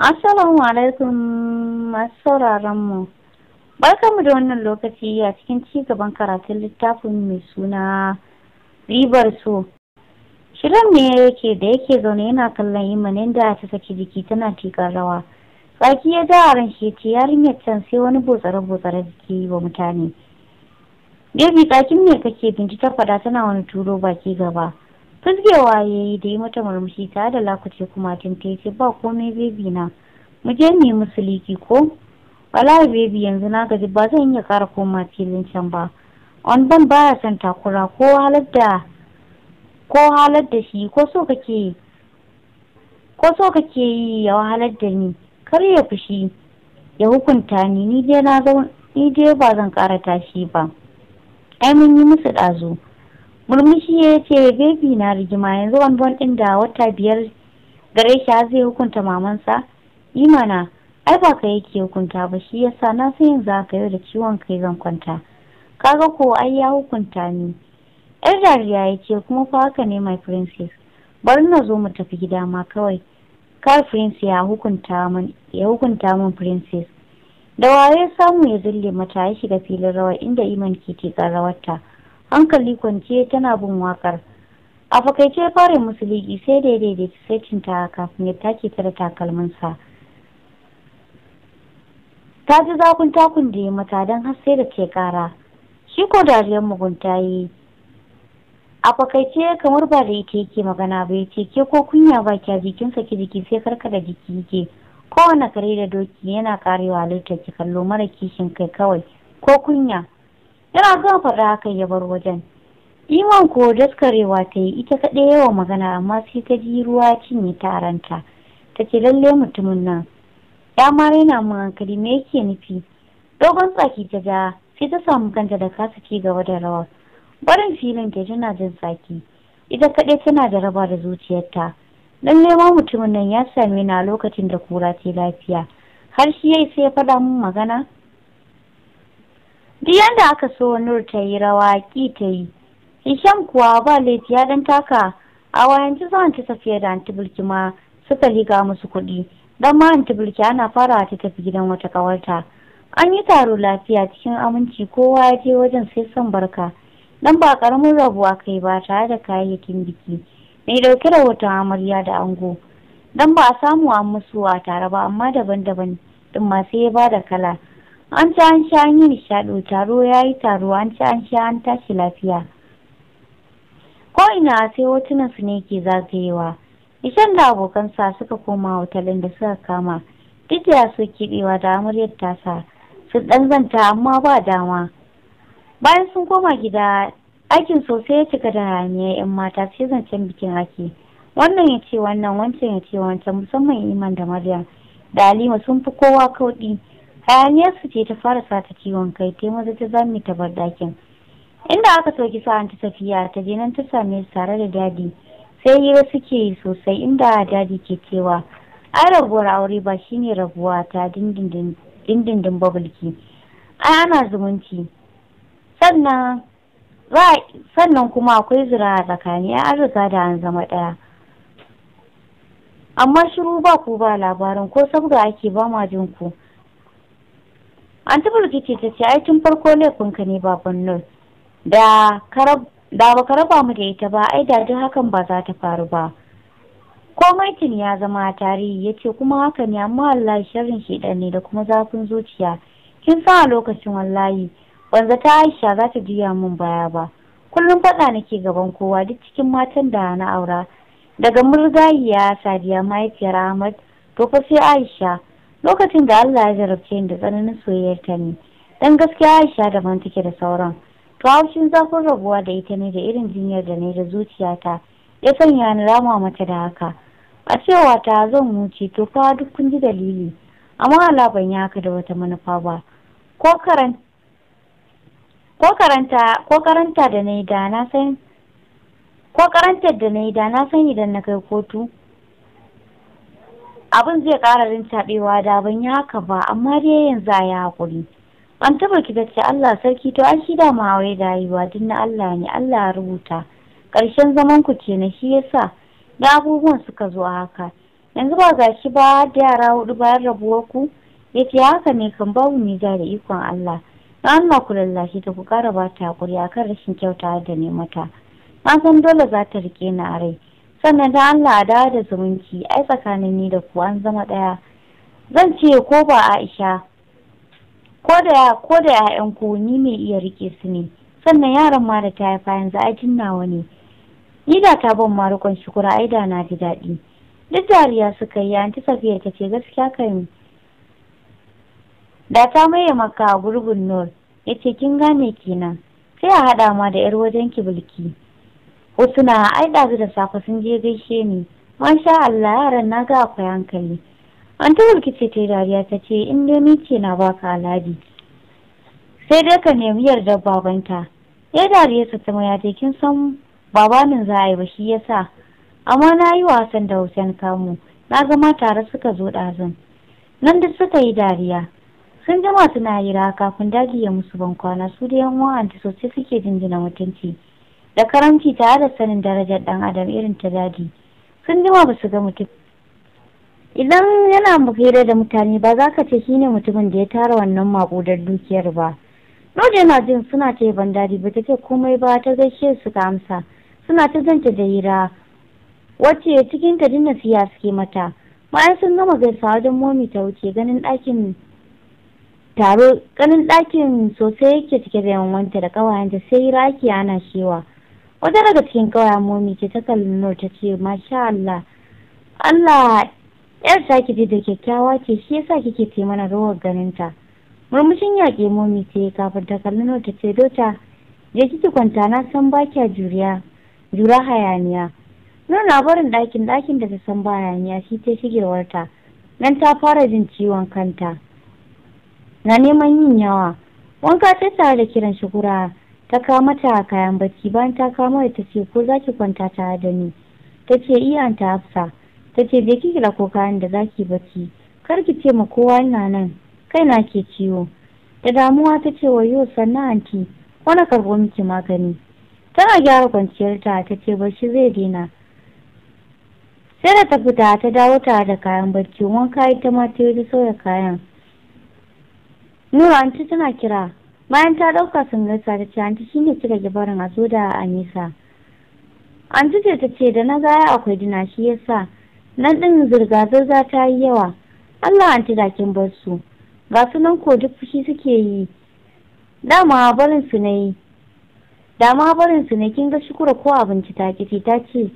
Assalamu alaikum masu Barka mu. da wannan lokaci a cikin ci gaban karatun littafin mai suna ribar so. Shirin ne yake da yake zaune yana kallon imanin da ta saki jiki tana tikar rawa. Tsaki ya da ran ranshe ce yarinyar can sai wani botsare-botsare da yi wa mutane. Baby tsakin ne kake binci ta fada tana wani turo baki gaba. fusgewa ya yi da yi mata murmushi ta da lakuce kuma tun ta ce ba komai bebi na mu je mu musu liki ko wallahi bebi yanzu na gaji ba zan iya kara koma filin can ba on ban baya son takura ko halar da shi ko so kake ko yi ya wahalar da ni kar ya fushi ya hukunta ni ni dai na ni ba zan kara tashi ba ai mun yi musu ɗazu murmushi ya ce bebi na rigima yanzu wanban ɗin da wata biyar gare shi zai hukunta mamansa imana ai ba ka yake hukunta ba shi yasa na san yanzu ka yau da ciwon kai zan kwanta kaga ko ai ya hukunta ni yar dariya ya ce kuma fa haka ne my princess bari na zo mu tafi gida ma kawai kar prince ya hukunta min ya hukunta min princess da waye samu ya zille mata ya shiga filin rawa inda iman ke tikar rawarta hankali kwanciye tana bin wakar a fakaice ya fara musu liki sai da sai saitin ta kafin ya take ta da takalminsa ta ji zafin takun da ya mata don har sai da ke ƙara. shi ko dariyar mugunta yi a fakaice kamar ba da ita yake magana ba ya ce ke ko kunya ba kya jikinsa ki jiki sai da jiki yake kowane kare da doki yana karewa halittar ki kallo mara kishin kai kawai ko kunya yana zuwa faɗa haka ya bar wajen iman ko daskarewa ta yi ita kaɗai yawa magana amma sai ta ji ruwa cinye taranta ta ce lalle mutumin nan ya ma raina mun hankali me yake nufi dogon tsaki ta ja sai ta samu kanta da kasa ci gaba da rawar barin filin ta tana jin tsaki ita kaɗai tana da raba da zuciyarta lalle ma mutumin nan ya same na lokacin da kura ce lafiya har shi yayi sai ya faɗa mun magana duk yanda aka so nur ta yi rawa ki ta yi hisham kuwa ba laifi ya dan taka a wayanci zan ta tafiya da anti ma suka liga musu kuɗi dan ma anti ana farawa ta tafi gidan wata kawarta an yi taro lafiya cikin aminci kowa ya je wajen sai son barka dan ba karamin rabu aka yi ba tare da kayayyakin biki mai dauke da wata amarya da ango dan ba a samu an musu a tare ba amma daban-daban ɗin ma ya ba da kala an ci an sha an yi nishaɗo taro ya yi taro an ci an sha an tashi lafiya Ko ina sai hotunan su ne ke zagayewa ishan da abokansa suka koma hotelin da suka kama duk da ke kiɗewa da amaryar tasa su ɗan zanta amma ba dama bayan sun koma gida aikin sosai ya cika da haniyar 'yan mata sai zancen bikin ake wannan ya ce wannan wancan ya ce wancan musamman iman da maryam da halima sun fi kowa kauɗi su ce ta fara sata ciwon kai ta maza ta zami ta bar dakin inda aka soki sa'an ta tafiya ta je nan ta same su tare da dadi sai hira suke yi sosai inda dadi ke cewa ai rabuwar aure ba shine rabuwa ta dindindin babulki. ai ana zumunci sannan sannan kuma akwai zira a tsakani an riga da an zama ɗaya amma shiru ba ku ba labarin ko saboda ake ba ma jinku? an taɓa rikici ta ce ai tun farko laifinka ne baban nur da baka raba mu da ita ba ai da duk hakan ba za ta faru ba komai tun ya zama tarihi ya ce kuma haka ne amma wallahi sharrin shiɗan ne da kuma zafin zuciya kin san a lokacin wallahi wanzu ta aisha za ta juya min baya ba kullum faɗa nake gaban kowa duk cikin matan da na aura daga ya sadiya mahaifiyar ahmad to fa sai aisha lokacin da Allah ya jarabce ni da tsananin soyayyar ta ne dan gaskiya Aisha daban take da sauran to haushin zafin rabuwa da ita ne da irin jinyar da ne da zuciyata ya sanya ni rama mata da haka a cewa ta zan wuce to fa duk kun ji dalili amma Allah ban yi haka da wata manufa ba ko karanta ko karanta da na da na san ko karantar da na yi da na san idan na kai kotu abin zai ƙara rintaɗewa da ban yi haka ba amma dai yanzu a yi haƙuri an taɓa kitacce Allah sarki to an shi dama aure da yi duk na Allah ne Allah ya rubuta Karshen zaman ku ce na shi yasa da abubuwan suka zo a haka yanzu ba ga shi ba da yara hudu bayan rabuwa ku ya haka ne kan babu ni da da ikon Allah na Allah ku lallashi da ku ƙara ba ta haƙuri akan rashin kyauta da ne mata na san dole za ta riƙe ni a rai sannan ta Allah a dawo da zumunci ai tsakanin ni da ku an zama ɗaya zan ce ko ba Aisha ko da ko da ƴaƴan ku ni mai iya rike su ne sannan yaran ma da ta haifa yanzu ai nawa ne ni da ta ban ma rikon shukura ai da na ji daɗi duk dariya suka yi anti safiya ta ce gaskiya kan da ta maye maka gurbin nur ya ce kin gane kenan sai a haɗa ma da 'yar wajen ki bilki wasu na ai ɗazu da safe sun je gaishe ni masha Allah yaran na ga akwai hankali an ta rikice ta dariya ta ce in dai ni ce na baka aladi sai dai ka nemi yardar babanta ya dariya su ta maya kin san babanin za a yi ba shi ya sa. amma na yi wasan da Hussein kamu na zama tare suka zo ɗazun nan duk suka yi dariya sun jima suna yi raka kafin daji ya musu kwana su da yan uwan sosai suke jinjina mutunci da karamci tare da sanin darajar dan adam irin ta daji sun jima ba su ga mutum idan yana hira da mutane ba za ka ce shi ne mutumin da ya tara wannan maƙudar dukiyar ba Noje yana jin suna ta ban daɗi ba ta ce komai ba ta gaishe su ka amsa suna ta zanta da hira wacce cikin ta dinna siya suke mata bayan sun gama gaisawa wajen momi ta wuce ganin ɗakin ganin ɗakin sosai yake cike da yanwanta da ƙawayenta sai hira ake ana shewa wata daga cikin ƙauyen momi ke ta kallon ta ce masha Allah Allah yar ta ki da kyakkyawa ce shi yasa kike ce mana rawar ganinta murmushin yaƙe momi ce kafin ta kalli nur ta ce dota je kiki kwanta na san ba kya juriya jura hayaniya Nuna na barin ɗakin ɗakin da ta san ba hayaniya shi ta shigewarta nan ta fara jin ciwon kanta na neman yin yawa wanka ta tare da kiran shi kura ta kawo mata kayan bacci bayan ta kama da ta ce ko za ki kwanta tare da ni ta ce iya eh, ta hafsa ta ce je ki kira ko kayan da za ki bacci kar ki ce ma kowa ina nan kai na ke ciwo da damuwa ta ce wa yau sannan anti wani karɓo miki magani tana gyara kwanciyarta, ta ta ce barci zai daina sai da ta fita ta dawo ta da kayan bacci wanka ita ma ta yi sauya kayan nura anti tana kira bayan ta ɗauka sun gaisa ta ci, anti shine kika ki barin a zo da anisa anti ce ta ce da na ya akwai dina shi yasa nan din zirga-zirga ta yi yawa allah anti da kin bar su ga su nan ko duk fushi suke yi dama barin su ne dama barin su ne kin ga shukura ko abinci ta kiti ta ce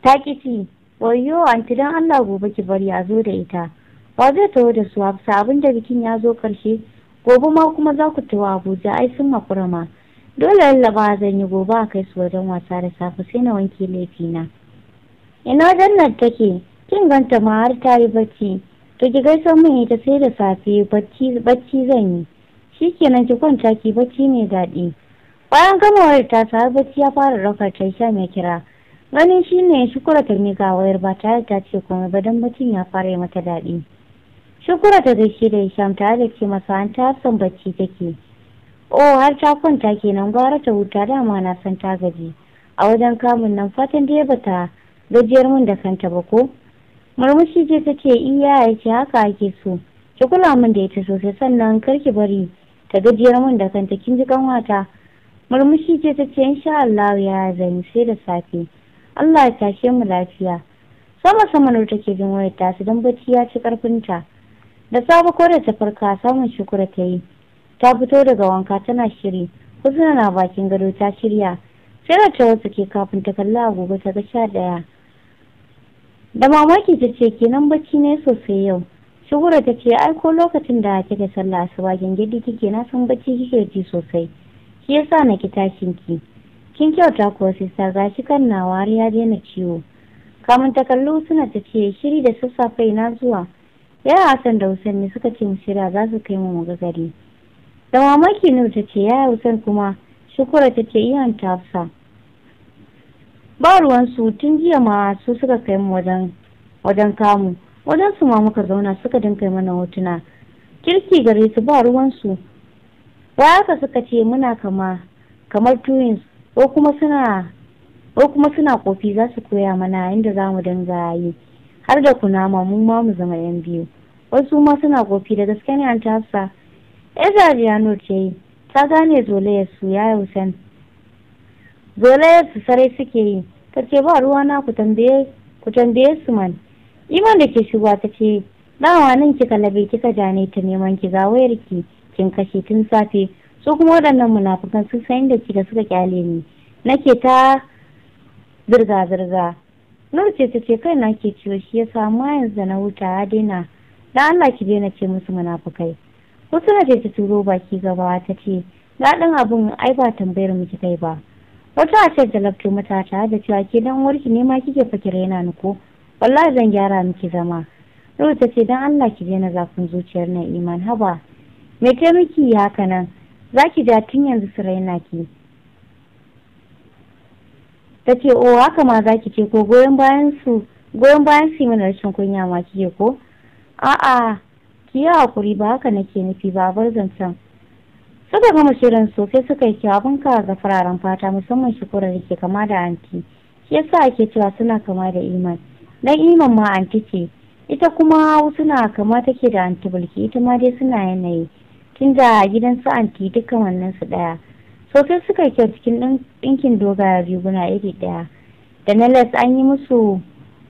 ta kiti wayo anti dan allah gobe ki bari a zo da ita ba zai taho da su hafsa abinda bikin ya zo karshe gobe ma kuma za ku tawa abuja ai sun makura ma dole lallaba zan yi gobe a kai su wajen wasa da safe sai na wanke laifina ina wajen nan take kin ganta ma har ta yi bacci to ki gaisa min ita sai da safe bacci zan yi shikenan ki kwanta ki bacci mai daɗi bayan gama wayar ta har bacci ya fara rakar ta sha mai kira ganin shine ya shukura ta ga wayar ba tare ta ce komai ba don baccin ya fara yi mata daɗi shukura ta gaishe da isham ta da ce masa an ta son bacci take o har ta kwanta kenan gwara ta huta dama na san ta gaji a wajen kamun nan fatan da ba ta gajiyar mun da kanta ba ko murmushi ce ta ce iya ya ce haka ake so ki kula min da ita sosai sannan kar ki bari ta gajiyar mun da kanta kin ji kanwata murmushi ce ta ce insha Allah ya zani sai da safe Allah ya tashe mu lafiya sama sama take jin wayar ta su don bacci ya ci karfinta da safe ko da ta farka samun shukura ta yi ta fito daga wanka tana shiri huzuna na bakin gado ta shirya sai da ta wasu ke kafin ta kalla agogo ta ga sha ɗaya da mamaki ta ce kenan bacci ne sosai yau Shukura ta ce ai lokacin da kika sallah asuba gidi kike na san bacci kike ji sosai shi yasa na ki tashin ki kin kyauta sai sista gashi kan nawa har ya daina ciwo kamun ta suna ta ce shiri da sassafe na zuwa yara Hassan da Hussein ne suka ce mu shirya za su kai mu ga gari da mamaki Nur ta ce yaya Hussein kuma shukura ta ce iyan tafsa ba ruwansu tun jiya ma su suka kai mu wajen kamu wajen ma muka zauna suka dinka mana hotuna kirki gare su ba ruwansu ba haka suka ce muna kama kamar twins ko kuma suna ko kofi za su koya mana inda za mu dinga yi har da kunama mun ma mu zama yan biyu wasu ma suna kofi da gaske ne an tasa ya zariya ce yi ta gane zolayarsu su ya hussein zolayar su sarai suke yi ta ce ba ruwa na ku tambaye su man iman da ke shigowa ta ce dawa nan kika kalabe kika jane ta neman ki ga wayar ki kin kashe tun safe su kuma waɗannan munafukan sun san inda kika suka kyale ni nake ta zirga zirga nur ce ta ce kai na ke ciwo shi ya samu yanzu da na wuta ya daina da Allah ki daina ce musu munafukai suna ce ta turo baki gaba ta ce daɗin abun ai ba tambayar miki kai ba wata a ta lafto mata ta da cewa ke dan uwarki ne ma kike fakira yana nuko wallahi zan gyara miki zama Ruth ta ce dan Allah ki daina zafin zuciyar na iman haba me ke miki ya haka nan zaki ja tun yanzu su raina ki ta ce o oh, haka ma zaki ce ko goyon bayan su goyon bayan su mana rashin kunya ma kike ko a'a ki yi hakuri ba haka nake nufi ba bar zancen suka gama shirin sosai suka yi kyawun ka ga fararen fata musamman shukura da ke kama da anti shi yasa ake cewa suna kama da iman dan iman ma anti ce ita kuma suna kama take da anti bulki ita ma dai suna yanayi Tun da gidan su anti dukkan wannan su daya sosai suka kyau cikin ɗinkin dogayen riguna iri ɗaya da na les an yi musu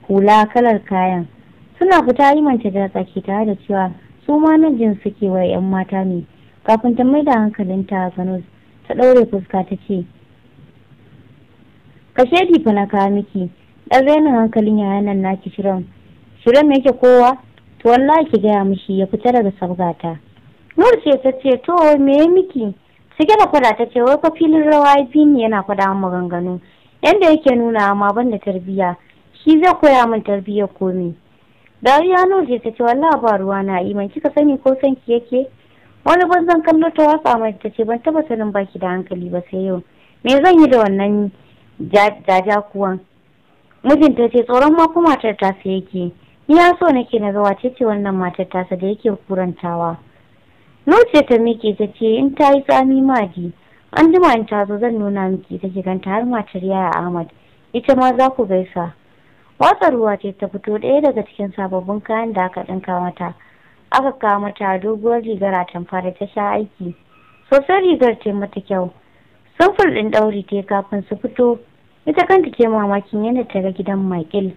hula kalar kayan suna fita yi mance da tsaki tare da cewa su ma nan jin suke wa 'yan mata ne kafin ta mai da hankalinta gano ta ɗaure fuska ta ce ka shaidi fa na kawo miki ɗan rainin hankalin yayan nan naki shirin shirin yake kowa to wallahi ki gaya mishi ya fita daga sabgata nur ce ta ce to me miki cike da kwada ta ce wai fa filin rawa ya yana kwada min maganganu yanda yake nuna ma ban da tarbiyya shi zai koya min tarbiyyar komai. dariya noje ta ce wallahi ba ruwa na man kika sani ko san ki yake wani banzan kallo ta wasa, mai ta ce ban taba sanin baki da hankali ba sai yau me zan yi da wannan jajakuwan? kuwan mijinta ce tsoron ma kuma matar ta sai yake ni ya so nake na zawa ce ce wannan matar tasa da yake kurantawa noce ta miƙe ta ce in ta yi tsami maji an jima in ta zo zan nuna miki ta ganta har matar yaya ahmad ita ma za ku gaisa watsa ruwa ce ta fito ɗaya daga cikin sababbin kayan da aka ɗinka mata aka kawo mata doguwar rigar tamfa da ta sha aiki sosai rigar ce mata kyau samfur ɗin ɗauri ta kafin su fito ita kanta ce mamakin yana ta ga gidan makil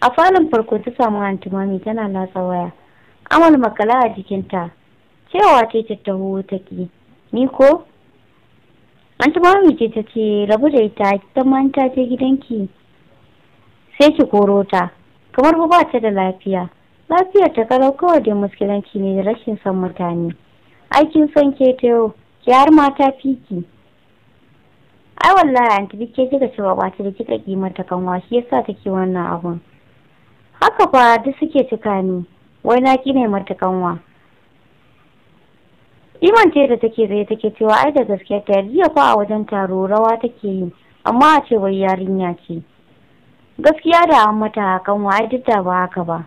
a falon farko ta samu antimami tana latsa waya amal makala a jikinta cewa ce ta taho ta ki ni ko antimami ce ta ce rabu da ita ta manta ce gidanki sai ki koro ta kamar ba ba ta da lafiya lafiyar ta kalau kawai da muskilanci ne da rashin son mutane aikin son ke ta yau ki har mata fiki ai wallahi anti duk kika cewa ba ta da kika ta kanwa shi yasa take wannan abun haka fa duk suke cika ni wai na kine mata kanwa Iman ce da take zai take cewa ai da gaskiya ta jiya fa a wajen taro rawa take yi amma a ce wai yarinya ce gaskiya da an mata hakan wa duk da ba haka ba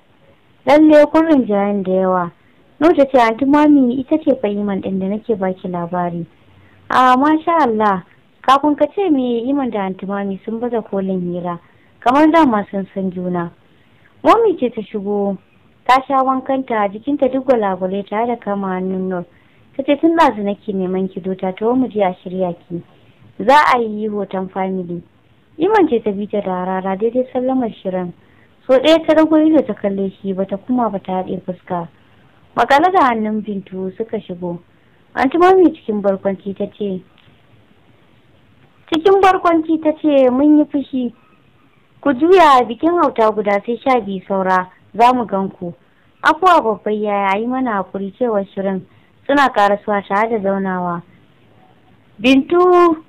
lalle kun rinjayen da yawa nota ce anti mami ita ce fahiman din da nake baki labari a masha Allah kafin ka ce me iman da anti mami sun baza kolin hira kamar dama sun san juna mami ce ta shigo ta sha wankanta jikinta duk gwalagwale tare da kama hannun nur ta ce tun ɗazu nake neman ki dota ta mu je a shirya ki za a yi hoton family Iman ce ta bi ta da rara daidai sallamar shirin. So ɗaya ta rago da ta kalle shi bata kuma bata haɗe fuska. Makala da hannun Bintu suka shigo. Anti Mami cikin barkwanci ta ce, Cikin barkwanci ta ce mun yi fushi. Ku juya bikin hauta guda sai sha biyu saura za mu gan ku. Afuwa babban yaya yi mana hakuri cewa shirin suna karasuwa tare da zaunawa. Bintu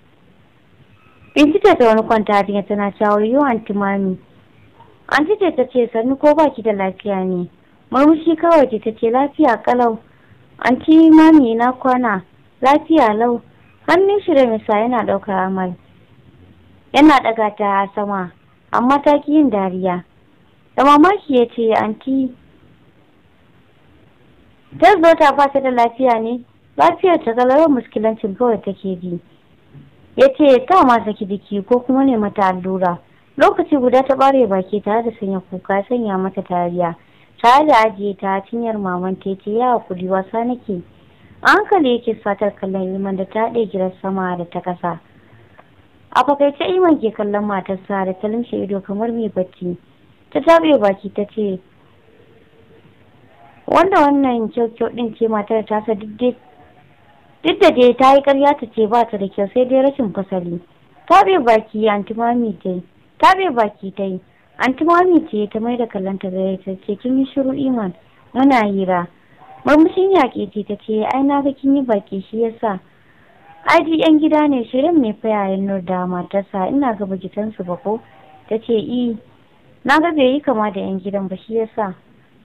Binci ce ta wani kwanta jiya tana shawar yau anti mami. Anti ce ta ce sannu ko baki da lafiya ne. Murmushi kawai ce ta ce lafiya kalau. Anti mami na kwana lafiya lau. Hannun shi da misa yana ɗaukar amal. Yana ɗaga ta sama amma ta ki yin dariya. Da mamaki ya ce anti ta zo ta fasa da lafiya ne lafiyar ta galarar muskilancin kawai take bi. ya ce ta ma saki jiki ko kuma ne mata allura lokaci guda ta bare baki tare da sanya kuka sanya mata tariya tare da ajiye ta cinyar maman ta ce ya hakuri wasa nake a hankali yake satar kallon iman da ta haɗe gidan sama da ta ƙasa a fakaice iman ke kallon matarsa da ta lumshe ido kamar mai bacci ta taɓe baki ta ce wanda wannan kyaukyau ɗin ce matar ta sa duk duk da dai ta yi karya ta ce ba ta da kyau sai dai rashin fasali ta bai baki anti mami ta yi ta bai baki ta yi anti mami ce ta mai da kallanta da ta ce kin yi shiru iman muna hira murmushin yaƙi ce ta ce ai na ga kin yi baki shi yasa aji yan gida ne shirin mai fayayen yayin nur da matarsa ina ga bakitansu ba ko ta ce i na ga bai yi kama da yan gidan ba shi yasa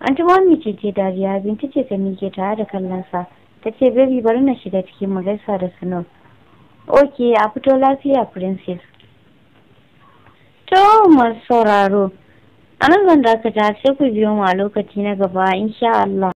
anti mami ce ce dariya binta ce ta mike tare da sa ta ce baby bari na shiga cikin mu gaisa da sunan ok a fito lafiya princess to masu sauraro a nan zan dakata sai ku biyo mu a lokaci na gaba insha Allah